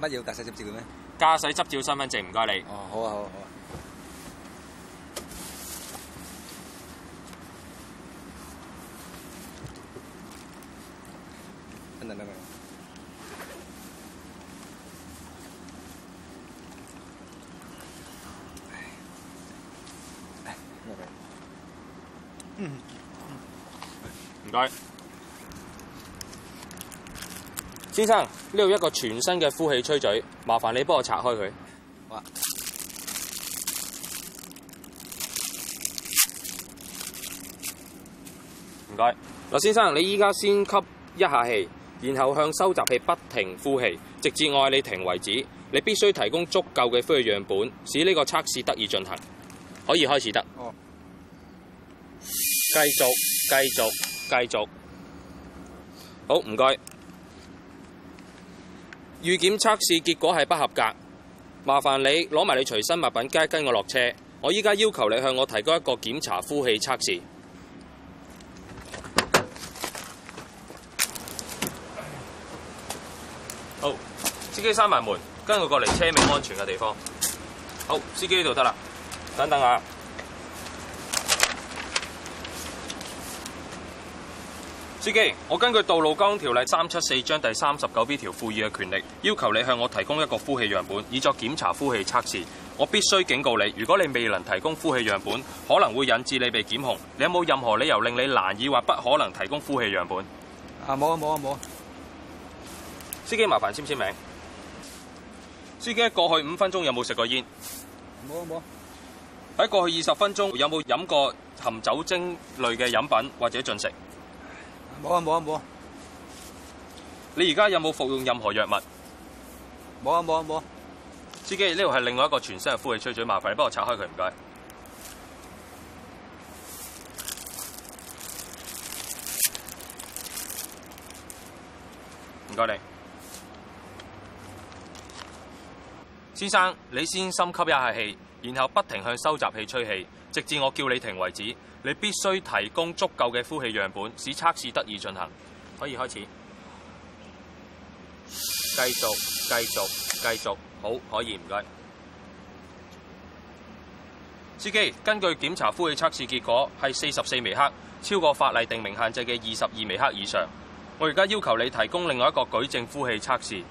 乜嘢要駕駛執照嘅咩？駕駛執照、身份證，唔該你。哦，好啊，好啊，好啊。等等等。嗯。唔該。先生，呢度一個全新嘅呼氣吹嘴，麻煩你幫我拆開佢。唔該、啊。先生，你依家先吸一下氣，然後向收集器不停呼氣，直至我嗌你停為止。你必須提供足夠嘅呼氣樣本，使呢個測試得以進行。可以開始得。哦、啊。繼續，繼續，繼續。好，唔該。.預檢測試結果係不合格，麻煩你攞埋你隨身物品街，即跟我落車。我依家要求你向我提供一個檢查呼氣測試。好，司機閂埋門，跟我過嚟車尾安全嘅地方。好，司機呢度得啦，等等啊！司機，我根據《道路交通條例》三七四章第三十九 B 條賦予嘅權力，要求你向我提供一個呼氣樣本，以作檢查呼氣測試。我必須警告你，如果你未能提供呼氣樣本，可能會引致你被檢控。你有冇任何理由令你難以或不可能提供呼氣樣本？啊，冇啊，冇啊，冇啊！司機，麻煩簽簽名。司機，過去五分鐘有冇食過煙？冇啊，冇啊。喺過去二十分鐘有冇飲過含酒精類嘅飲品或者進食？冇啊，冇啊，冇啊！你而家有冇服用任何藥物？冇啊，冇啊，冇啊！司機，呢度係另外一個全新嘅呼氣吹嘴麻煩，麻煩你幫我拆開佢唔該。唔該你。先生，你先深吸一下氣。然後不停向收集器吹氣，直至我叫你停為止。你必須提供足夠嘅呼氣樣本，使測試得以進行。可以開始。繼續，繼續，繼續。好，可以，唔該。司機，根據檢查呼氣測試結果係四十四微克，超過法例定明限制嘅二十二微克以上。我而家要求你提供另外一個舉證呼氣測試。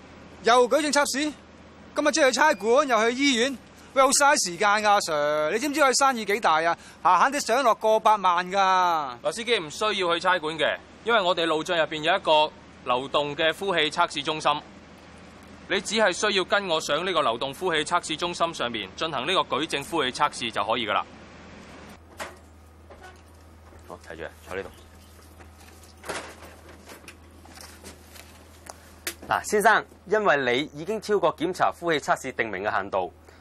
又舉證測試？今日即係去差館，又去醫院。佢好嘥時間噶。啊，阿 Sir，你知唔知佢生意幾大啊？閒閒哋上落過百萬噶。嗱，司機唔需要去差館嘅，因為我哋路障入邊有一個流動嘅呼氣測試中心，你只係需要跟我上呢個流動呼氣測試中心上面進行呢個舉證呼氣測試就可以噶啦。好，睇住，坐呢度。嗱，先生，因為你已經超過檢查呼氣測試訂明嘅限度。